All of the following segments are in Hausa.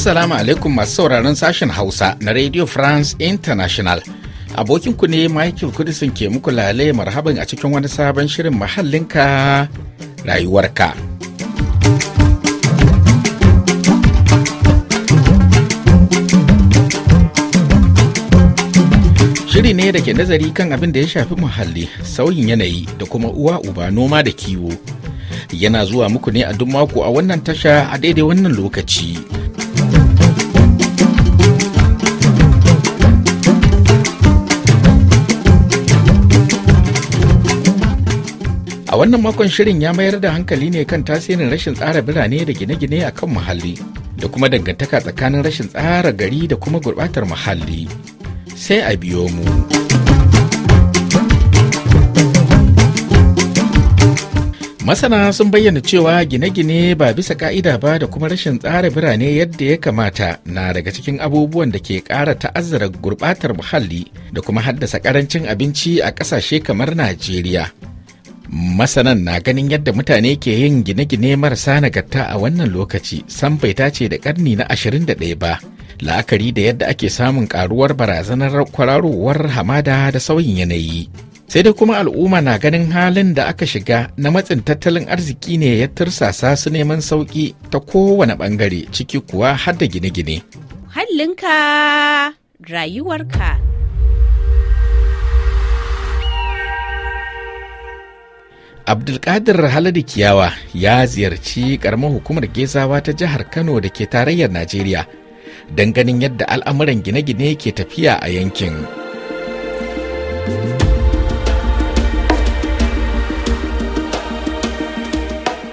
Assalamu alaikum masu sauraron sashen Hausa na Radio France International. Abokinku ne Michael Kudisin ke muku lale marhaban a cikin wani sabon shirin mahallinka rayuwarka. Shiri ne da ke nazari kan abin da ya shafi muhalli, sauyin yanayi da kuma uwa uba noma da kiwo. Yana zuwa muku ne a duk mako a wannan tasha a daidai wannan lokaci. A wannan makon shirin ya mayar da hankali ne kan tasirin rashin tsara birane da gine-gine a kan muhalli da kuma dangantaka tsakanin rashin tsara gari da kuma gurbatar muhalli. Sai a biyo mu. Masana sun bayyana cewa gine-gine ba bisa ka'ida ba da kuma rashin tsara birane yadda ya kamata na daga cikin abubuwan da ke ƙara ta'azzara gurbatar muhalli da kuma haddasa ƙarancin abinci a ƙasashe kamar Najeriya. Masanan na ganin yadda mutane ke yin gine-gine marasa nagarta a wannan lokaci san bai tace da karni na 21 ba, la'akari da yadda ake samun karuwar barazanar kwararowar hamada da sauyin yanayi. Sai dai kuma al'umma na ganin halin da aka shiga na matsin tattalin arziki ne ya tursasa su neman sauki ta kowane bangare ciki kuwa har da gine-gine. Hallinka rayuwarka. abdulkadir da kiyawa ya ziyarci karamar hukumar gezawa ta jihar kano da ke tarayyar najeriya don ganin yadda al'amuran gine-gine ke tafiya a yankin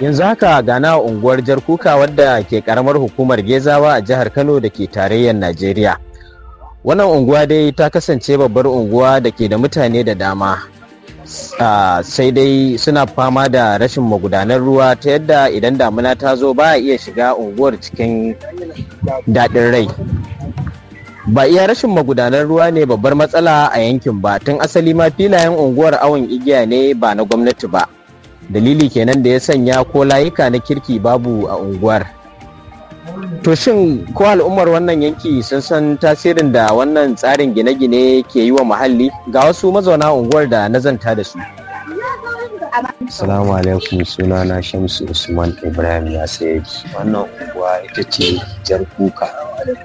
yanzu haka gana unguwar jarkuka wadda ke karamar hukumar gezawa a jihar kano da ke tarayyar najeriya wannan unguwa dai ta kasance babbar unguwa da ke da mutane da dama Ah, sai dai suna fama da rashin magudanar ruwa ta yadda idan damuna ta zo ba a iya shiga unguwar cikin daɗin rai ba iya rashin magudanar ruwa ne babbar matsala a yankin ba tun asali ma filayen unguwar awon igiya ne ba na gwamnati ba dalili kenan da ya sanya ko layuka na kirki babu a unguwar To shin ko al'ummar wannan yanki sun san tasirin da wannan tsarin gine-gine ke yi wa muhalli ga wasu mazauna unguwar da na zanta da su. Assalamu alaikum suna na Shamsu Usman Ibrahim ya sayi wannan unguwa ita ce jar kuka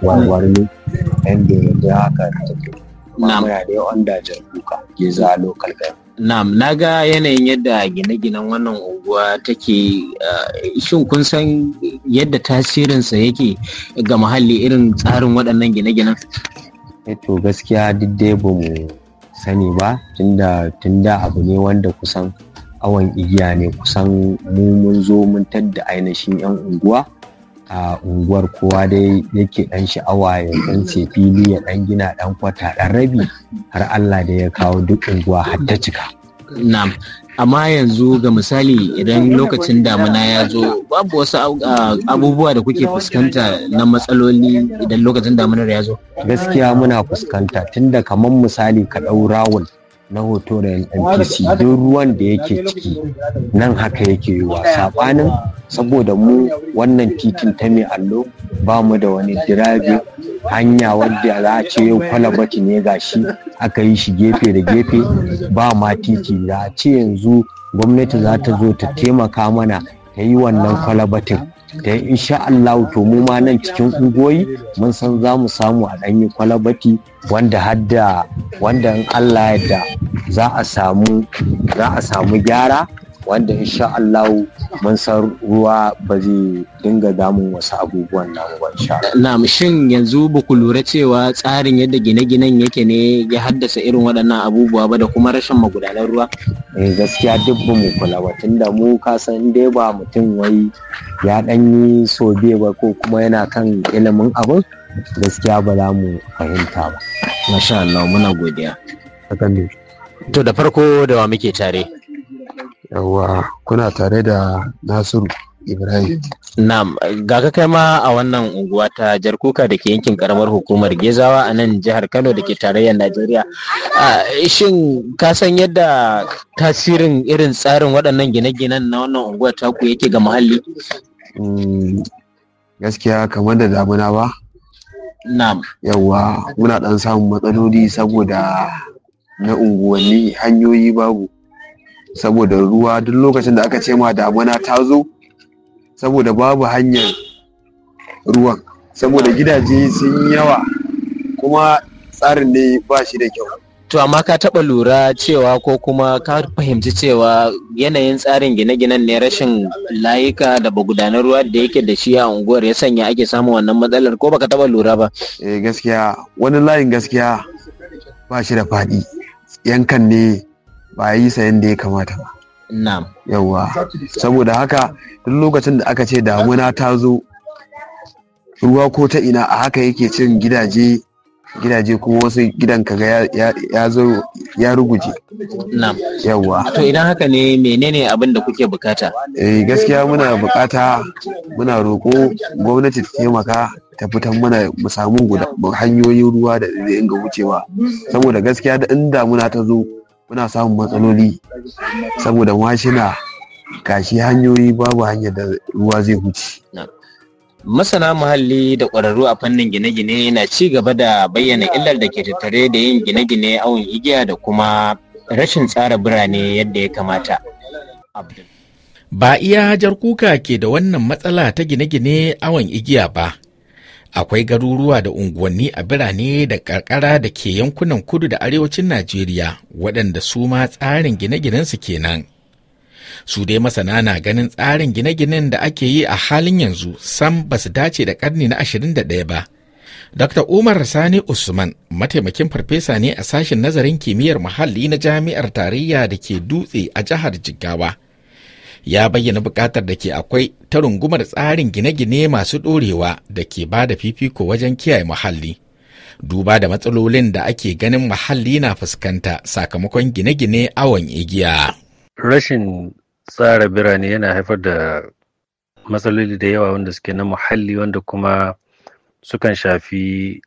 warwarni yan da haka ta mamaya da yawan da jar kuka ke za local government Na'am, na ga yanayin yadda gine-ginen wannan unguwa take eh, shin kun san yadda tasirinsa yake ga muhalli irin tsarin waɗannan gine-ginen? Eh, to gaskiya duk dai ba mu sani ba tunda tunda abu ne wanda kusan awon igiya ne kusan mu mun zo mun tadda ainihin 'yan unguwa a unguwar kowa dai yake dan sha'awa ya dan ce fili ya dan gina dan kwata dan rabi har Allah da ya kawo duk unguwa har ta cika na'am amma yanzu ga misali idan lokacin damuna ya zo babu wasu abubuwa da kuke fuskanta na matsaloli idan lokacin damunar ya zo gaskiya muna fuskanta tunda kamar misali ka ɗau rawul na hoto da NPC don ruwan da yake ciki nan haka yake yiwa saɓanin saboda mu wannan titin ta mai allo ba mu da wani dirabi hanya wadda za a ce yau kwalabati ne shi, aka yi shi gefe da gefe ba ma titi za a ce yanzu gwamnati za ta zo ta taimaka mana ta yi wannan kwalabatin da insha Allah to mu ma nan cikin ungoyi mun san za mu samu a ɗanyi kwalabati wanda hadda wanda in Allah yadda za a samu za a samu gyara wanda insha Allah mun san ruwa ba zai dinga damun wasu abubuwan namu ba insha Allah. Na shin yanzu ba ku lura cewa tsarin yadda gine-ginen yake ne ya haddasa irin waɗannan abubuwa ba da kuma rashin magudanar ruwa? Eh gaskiya duk ba mu kula ba tunda mu ka san dai ba mutum wai ya ɗan yi sobe ba ko kuma yana kan ilimin abin gaskiya ba za mu fahimta ba. Masha Allah muna godiya. To da farko da wa muke tare. Yawwa kuna tare da Nasiru Ibrahim. Na'am, ga ka kai ma a wannan unguwa ta Jarkuka da ke yankin karamar hukumar Gezawa a nan jihar Kano da ke tarayyar Najeriya. Shin ka san yadda tasirin irin tsarin waɗannan gine-ginen na wannan ta taku yake ga muhalli? Mm, gaskiya kamar da damuna ba. Na'am. Yawwa muna ɗan samun matsaloli saboda na unguwanni hanyoyi babu. saboda ruwa duk lokacin da aka ce ma damuna ta zo saboda babu hanyar ruwan saboda gidaje sun yawa kuma tsarin ne ba shi da kyau to amma ka taɓa lura cewa ko kuma ka fahimci cewa yanayin tsarin gine-ginen ne rashin layuka da bagudanar ruwa da yake da shi a unguwar ya sanya ake samun wannan matsalar ko baka taba lura ba eh gaskiya wani layin gaskiya ba shi da faɗi yankan ne ba yi sa yadda ya kamata ba saboda haka duk lokacin da aka ce damuna ta zo ruwa ko ta ina a haka yake cin gidaje gidaje kuma wasu gidan kaga ya zo ya ruguje Yawwa, to idan haka ne menene abin da kuke bukata eh gaskiya muna bukata muna roƙo, gwamnati ta taimaka ta fitan mana mu samu hanyoyin ruwa da inga wucewa saboda gaskiya da in damuna ta zo muna samun matsaloli saboda mashina kashi hanyoyi babu hanyar da ruwa zai huce. Masana muhalli da ƙwararru a fannin gine-gine na ci gaba da bayyana illar da ke tattare da yin gine-gine awon igiya da kuma rashin tsara birane yadda ya kamata. Ba iya hajar kuka ke da wannan matsala ta gine-gine awon igiya ba, akwai garuruwa da unguwanni a birane da karkara da ke yankunan kudu da arewacin najeriya waɗanda su ma tsarin gine-ginensu kenan su dai masana na ganin tsarin gine-ginen da ake yi a halin yanzu sam ba su dace da karni na ashirin da 21 ba dr umar sani usman mataimakin farfesa ne a sashen nazarin kimiyyar muhalli na jami'ar tarayya da ke dutse a jihar jigawa ya bayyana bukatar da ke akwai ta rungumar tsarin gine-gine masu ɗorewa da ke ba da fifiko wajen kiyaye muhalli duba da matsalolin da ake ganin muhalli na fuskanta sakamakon gine-gine awon igiya. Rashin tsara birane yana haifar da matsaloli da yawa wanda suke na muhalli wanda kuma sukan shafi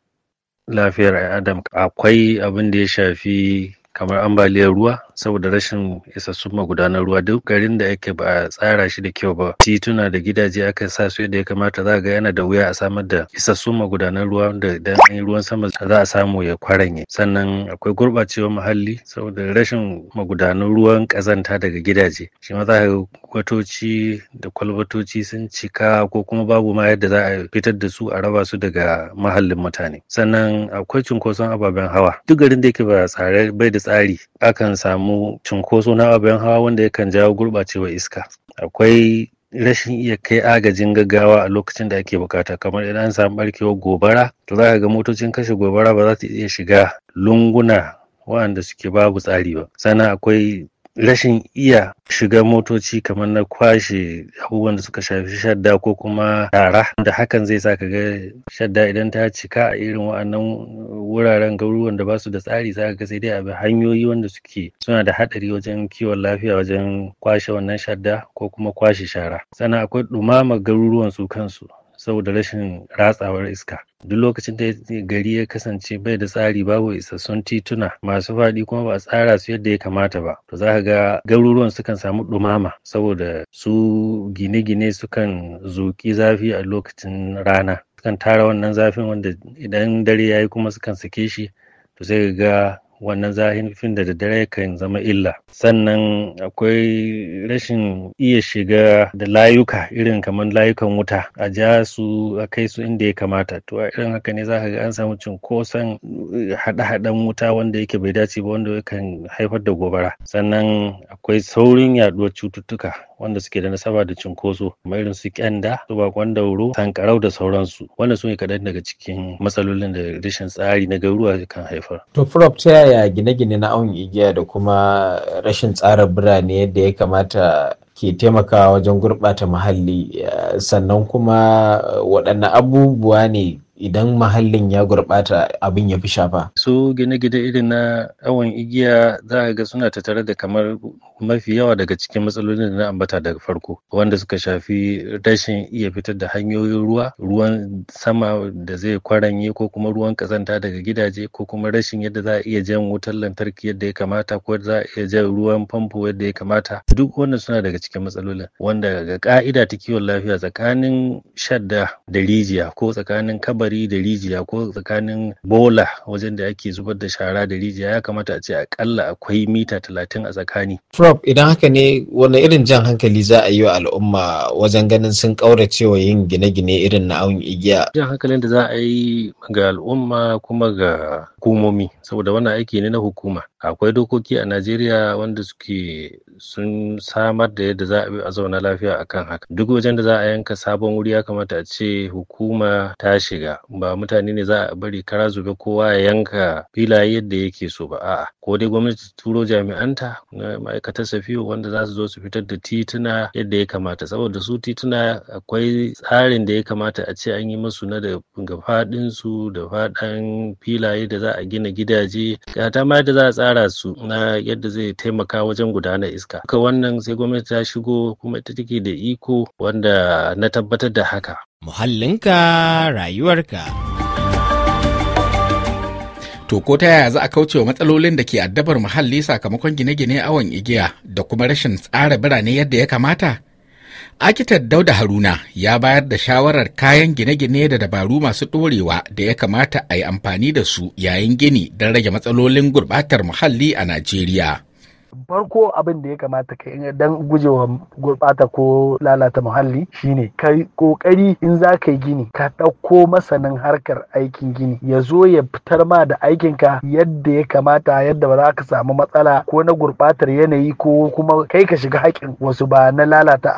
lafiyar adam akwai abin da ya shafi kamar ambaliyar ruwa saboda rashin isassun magudanar ruwa duk garin da yake ba a tsara shi da kyau ba tituna da gidaje aka sa su yadda ya kamata za ga yana da wuya a samar da isassun magudanar ruwa da idan ruwan sama za a samu ya kwaranye sannan akwai gurɓacewar muhalli saboda rashin magudanan ruwan kazanta daga gidaje shi ma za kwatoci da kwalbatoci sun cika ko kuma babu ma yadda za a fitar da su a raba su daga mahallin mutane sannan akwai cunkoson ababen hawa duk garin da yake ba tsare bai da tsari akan samu cunkoso na abin hawa wanda yakan jawo gurɓacewar iska akwai rashin iya kai agajin gaggawa a lokacin da ake bukata kamar idan an samu barkewar gobara to za ga motocin kashe gobara ba za su iya shiga lunguna waɗanda suke babu tsari ba sannan akwai rashin iya shiga motoci kamar na kwashe abubuwan da suka shafi shadda ko kuma tara da hakan zai sa ka ga shadda idan ta cika a irin wa'annan wuraren garuruwan da ba su da tsari za ga sai dai abin hanyoyi wanda suke suna da hadari wajen kiwon lafiya wajen kwashe wannan shadda ko kuma kwashe shara sannan akwai dumama garuruwan su kansu saboda rashin ratsawar iska duk lokacin da gari ya kasance bai da tsari babu isassun tituna masu faɗi kuma ba a tsara su yadda ya kamata ba to za ka ga garuruwan sukan samu ɗumama saboda su gine-gine sukan zuƙi zafi a lokacin rana sukan tara wannan zafin wanda idan dare ya yi kuma sukan sake shi to sai ga wannan zahin fin da daddare kan zama illa sannan akwai rashin iya shiga da layuka irin kamar layukan wuta a ja su a kai su inda ya kamata to a irin haka ne za ka ga an samu cinkoson haɗe-haɗen wuta wanda yake bai dace ba wanda kan haifar da gobara sannan akwai saurin yaɗuwar cututtuka wanda suke da nasaba da cinkoso kamar irin su kyanda su bakon dauro sankarau da sauransu wanda su ne kaɗan daga cikin matsalolin da rashin tsari na garuruwa kan haifar. to prof ta yaya gine-gine na awon igiya da kuma rashin tsara birane yadda ya kamata ke taimakawa wajen gurɓata muhalli eh, sannan kuma waɗanne abubuwa ne idan mahallin ya gurɓata abin ya fi shafa. su gine-gine irin na awon igiya za a ga suna tattare da kamar mafi yawa daga cikin matsalolin da na ambata daga farko wanda suka shafi rashin iya fitar da hanyoyin ruwa ruwan sama da zai kwaranye ko kuma ruwan kazanta daga gidaje ko kuma rashin yadda za a iya jan wutar lantarki yadda ya kamata ko za a iya jan ruwan famfo yadda ya kamata duk wannan suna daga cikin matsalolin wanda ga ka'ida ta kiwon lafiya tsakanin shadda da rijiya ko tsakanin kaba kwari da rijiya ko tsakanin bola wajen da ake zubar da shara da rijiya ya kamata a ce akalla akwai mita talatin a tsakani. Prof idan haka ne wani irin jan hankali za a yi wa al'umma wajen ganin sun ƙaurace wa yin gine-gine irin na awon igiya. Jan hankalin da za a yi ga al'umma kuma ga hukumomi saboda wannan aiki ne na hukuma akwai dokoki a Najeriya wanda suke sun samar da yadda za a bi a zauna lafiya akan haka duk wajen da za a yanka sabon wuri ya kamata a ce hukuma ta shiga ba mutane ne za a bari kara zube kowa ya yanka filaye yadda yake so ba a'a ko dai gwamnati turo jami'anta na ma'aikatar safiyo wanda za su zo su fitar da tituna yadda ya kamata saboda su tituna akwai tsarin da ya kamata a ce an yi musu na da ga faɗinsu da faɗan filaye da za a gina gidaje ta ma yadda za a tsara su na yadda zai taimaka wajen gudanar iska duka wannan sai gwamnati ta shigo kuma ita take da iko wanda na tabbatar da haka muhallinka rayuwarka To ko ta yaya za a kaucewa matsalolin da ke addabar muhalli sakamakon gine-gine awon igiya da kuma rashin tsara birane yadda ya kamata? Akitar Dauda Haruna ya bayar da shawarar kayan gine-gine da dabaru masu ɗorewa da ya kamata a yi amfani da su yayin gini don rage matsalolin gurbatar muhalli a Najeriya. farko abin da ya kamata ka yi dan gujewa gurɓata ko lalata muhalli shine ka kokari in za ka yi gini ka ɗauko masanin harkar aikin gini ya zo ya fitar ma da aikinka yadda ya kamata yadda ba za ka samu matsala ko na gurɓatar yanayi ko kuma kai ka shiga haƙin wasu ba na lalata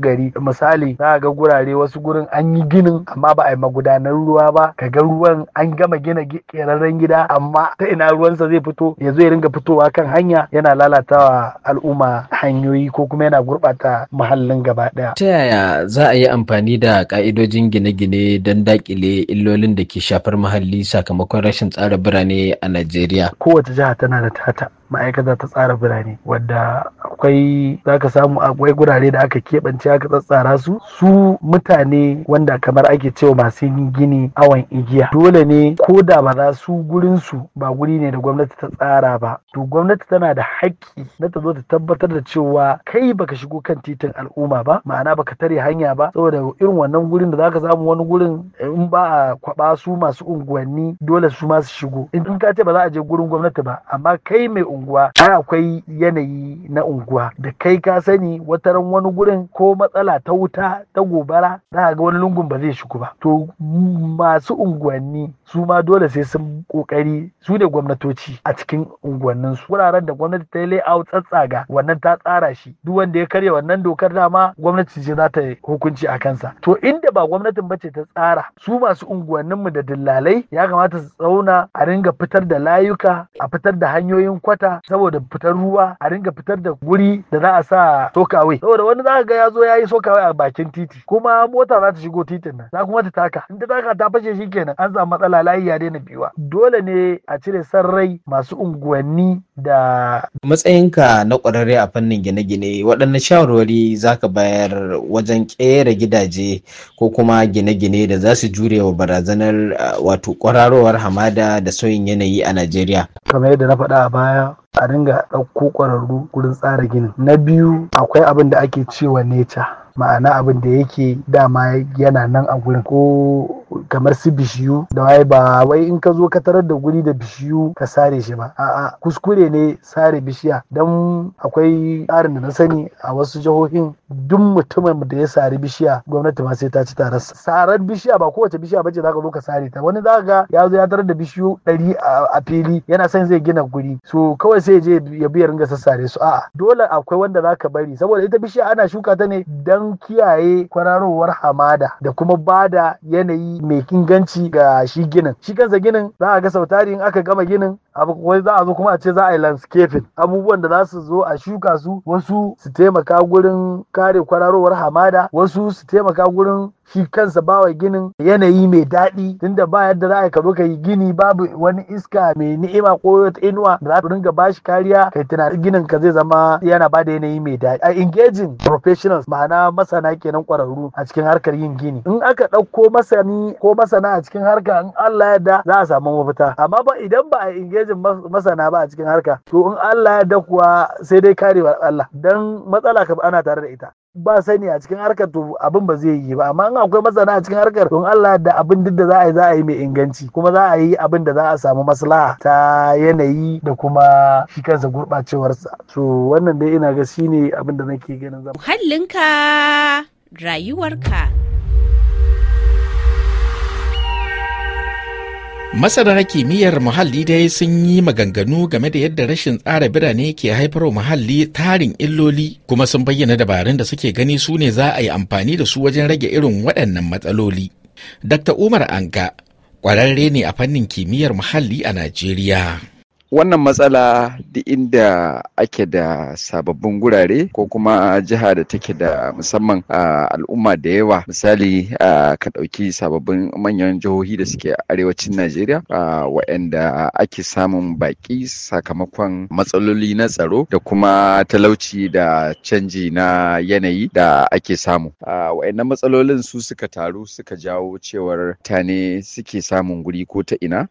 gari misali za ga gurare wasu gurin an yi ginin amma ba a yi magudanar ruwa ba ka ga ruwan an gama gina ƙerarren gida amma ta ina ruwansa zai fito ya zo ya ringa fitowa kan hanya yana lalata gurɓata wa al'umma hanyoyi ko kuma yana gurɓata muhallin gaba ɗaya. Ta yaya za a yi amfani da ƙa'idojin gine-gine don daƙile illolin da ke shafar muhalli sakamakon rashin tsara birane a Najeriya? Kowace jiha tana da tata. ma'aikata ta tsara birane wadda akwai za ka samu akwai gurare da aka keɓance aka tsatsara su su mutane wanda kamar ake cewa masu gini awon igiya dole ne ko da ba za su gurin su ba guri ne da gwamnati ta tsara ba to gwamnati tana da haƙƙi na ta zo ta tabbatar da cewa kai baka shigo kan titin al'umma ba ma'ana baka tare hanya ba saboda irin wannan gurin da zaka samu wani gurin in ba a kwaba su masu unguwanni dole su ma su shigo in ka ce ba za a je gurin gwamnati ba amma kai mai unguwa ai akwai yanayi na unguwa da kai ka sani wata ran wani gurin ko matsala ta wuta ta gobara za ga wani lungun ba zai shigo ba to masu unguwanni su ma dole sai sun kokari su ne gwamnatoci a cikin unguwannin su wuraren da gwamnati ta yi layout tsatsaga wannan ta tsara shi duk wanda ya karya wannan dokar dama gwamnati ce za ta hukunci a kansa to inda ba gwamnatin ba ce ta tsara su masu unguwannin mu da dillalai ya kamata su tsauna a ringa fitar da layuka a fitar da hanyoyin kwata mata saboda fitar ruwa a ringa fitar da guri da za a sa sokawai saboda wani za ga ya zo ya yi sokawai a bakin titi kuma mota za ta shigo titin nan za kuma ta taka in ta taka ta fashe shi kenan an samu matsala layi ya daina biyuwa dole ne a cire sarrai masu unguwanni da matsayinka na ƙwararre a fannin gine-gine waɗanne shawarwari za ka bayar wajen ƙera gidaje ko kuma gine-gine da za su jure wa barazanar wato ƙwararowar hamada da sauyin yanayi a najeriya kamar yadda na faɗa a baya a dinga ɗauko ƙwararru wurin tsara gini na biyu akwai abin da ake cewa nature ma'ana abin da yake dama yana nan a gurin ko kamar su bishiyu da waye ba wai in ka zo ka tarar da guri da bishiyu ka sare shi ba a'a kuskure ne sare bishiya don akwai tsarin da na sani a wasu jihohin duk mutumin da ya sari bishiya gwamnati ma sai ta ci tare sarar bishiya ba kowace bishiya bace zaka zo ka sare ta wani zaka ga ya zo ya tarar da bishiyu ɗari a fili yana son zai gina guri so kawai sai je ya biya ringa sassare su a'a dole akwai wanda za ka bari saboda ita bishiya ana shuka ta ne dan kiyaye kwararowar hamada da kuma bada yanayi mai inganci ga shi ginin shi kansa ginin za a ga sautari in aka gama ginin abu za a zo kuma a ce za a yi landscaping abubuwan da za su zo a shuka su wasu su taimaka gurin kare kwararowar hamada wasu su taimaka gurin shi kansa ba wa ginin yanayi mai daɗi tunda ba yadda za ka zo ka yi gini babu wani iska mai ni'ima ko wata inuwa da za ka ringa bashi kariya kai tunanin ginin ka zai zama yana ba da yanayi mai daɗi a engaging professionals ma'ana masana kenan ƙwararru a cikin harkar yin gini in aka ɗauko masani ko masana a cikin harka in Allah yadda za a samu mafita amma ba idan ba a engaging masana ba a cikin harka to in Allah yadda kuwa sai dai karewa Allah dan matsala ka ana tare da ita ba sani a cikin harkar to abin ba zai yi ba amma in akwai masana a cikin harkar don Allah da abin duk da za a yi za a yi mai inganci kuma za a yi abin da za a samu maslaha ta yanayi da kuma shi kansa gurɓacewarsa To wannan dai ina ga shine abin da nake ganin zama hallinka rayuwarka Masana kimiyyar muhalli dai sun yi maganganu game da yadda rashin tsara birane ke haifar muhalli tarin illoli kuma sun bayyana dabarun da suke gani su ne za a yi amfani da su wajen rage irin waɗannan matsaloli. Dr. Umar Anka ƙwararre ne a fannin kimiyyar muhalli a Najeriya. wannan matsala duk inda ake da sababbin gurare ko kuma jiha da take da musamman al'umma da yawa misali ka ɗauki sababbin manyan jihohi da suke arewacin najeriya waɗanda ake samun baƙi sakamakon matsaloli na tsaro da kuma talauci da canji na yanayi da ake samu waɗannan matsalolin su suka taru suka jawo cewar tane suke samun guri ko ta ina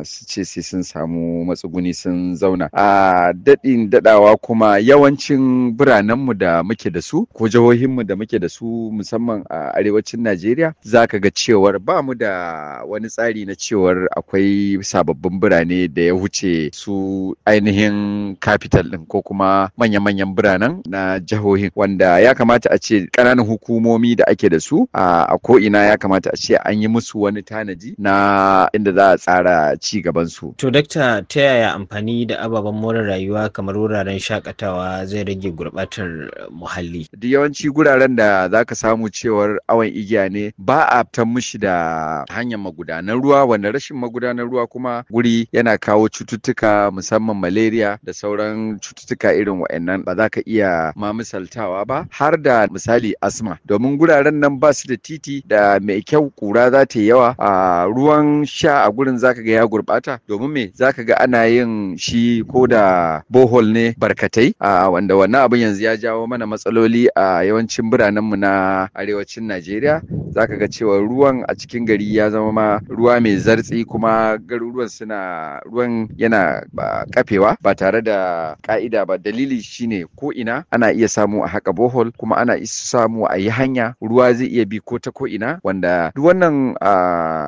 su ce sai sun samu matsu matsuguni sun zauna a daɗin daɗawa kuma yawancin biranenmu da muke da su ko jihohinmu da muke da su musamman a arewacin najeriya za ka ga cewar ba mu da wani tsari na cewar akwai sababbin birane da ya wuce su ainihin capital ɗin ko kuma manya-manyan biranen na jihohin wanda ya kamata a ce ƙananan hukumomi da ake da su a ko'ina ya kamata a ce an yi musu wani tanaji na inda za a tsara ci gabansu. To dakta ta yaya yaya amfani da ababen more rayuwa kamar wuraren shakatawa zai rage gurbatar muhalli. Da yawanci guraren da zaka samu cewar awan igiya ne ba a ta mushi da hanyar magudanar ruwa wanda rashin magudanar ruwa kuma guri yana kawo cututtuka musamman malaria da sauran cututtuka irin wa'annan ba za ka iya ma misaltawa ba har da misali asma domin guraren nan ba su da titi da mai kyau kura za ta yi yawa a ruwan sha a gurin za ka ga ya gurbata domin me za ka ga ana yi yin shi ko da bohol ne barkatai a wanda wannan abin yanzu ya jawo mana matsaloli a yawancin biranenmu na arewacin Najeriya zaka ga cewa ruwan a cikin gari ya zama ma ruwa mai zartsi kuma garuruwan suna ruwan yana kafewa ba tare da ka'ida ba dalili shine ko ina ana iya samu a haka bohol kuma ana iya samu a yi hanya ruwa zai iya bi ko ta ko ina wanda duk wannan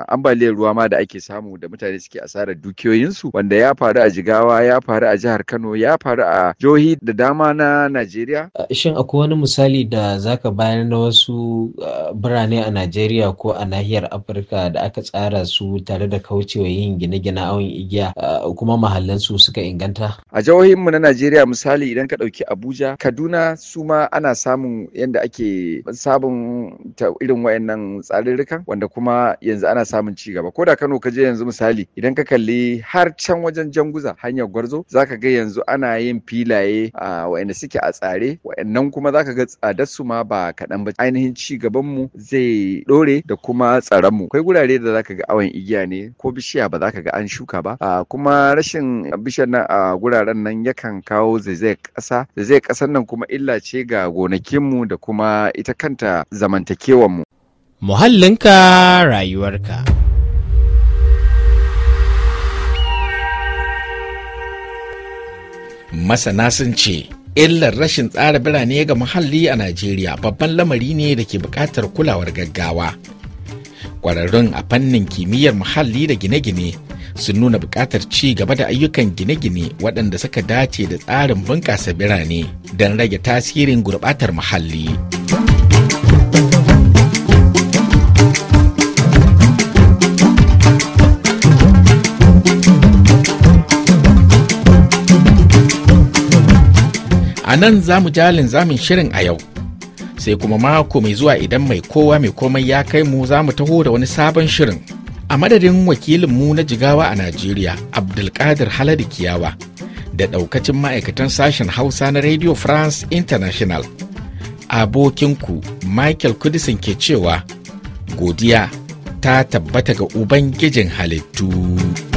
ambaliyar ruwa ma da ake samu da mutane suke asarar dukiyoyinsu wanda ya faru faru a Jigawa, ya faru a jihar Kano, ya faru a jihohi da dama na Najeriya. Shin akwai wani misali da zaka bayar na wasu birane a Najeriya ko a nahiyar Afirka da aka tsara su tare da kaucewa yin gine-gine awon igiya kuma mahallan su suka inganta? A jihohin mu na Najeriya misali idan ka ɗauki Abuja, Kaduna su ma ana samun yadda ake sabon ta irin wayannan tsarurrukan wanda kuma yanzu ana samun ci gaba. Ko da Kano ka je yanzu misali idan ka kalli har can wajen guza hanyar gwarzo zaka ga yanzu ana yin filaye a wa'anda suke a tsare wa'annan kuma zaka ga tsadar su ma ba kaɗan ba ainihin ci gaban mu zai ɗore da kuma tsaron mu akwai gurare da zaka ga awon igiya ne ko bishiya ba zaka ga an shuka ba a kuma rashin bishiyar nan a guraren nan yakan kawo zaizayar ƙasa zaizayar ƙasar nan kuma illa ce ga mu da kuma ita kanta mu muhallinka rayuwarka masana sun ce illar rashin tsara birane ga muhalli a najeriya babban lamari ne da ke buƙatar kulawar gaggawa ƙwararrun a fannin kimiyyar muhalli da gine-gine sun nuna buƙatar ci gaba da ayyukan gine-gine waɗanda suka dace da tsarin bunƙasa birane don rage tasirin gurɓatar muhalli. nan za mu jalin zamin shirin a yau sai kuma mako mai zuwa idan mai kowa mai komai ya kai mu za mu taho da wani sabon shirin a madadin wakilinmu na jigawa a najeriya abdulkadir haladi kiyawa da ɗaukacin ma'aikatan sashen hausa na radio france international abokinku michael kudisin ke cewa godiya ta tabbata ga ubangijin halittu.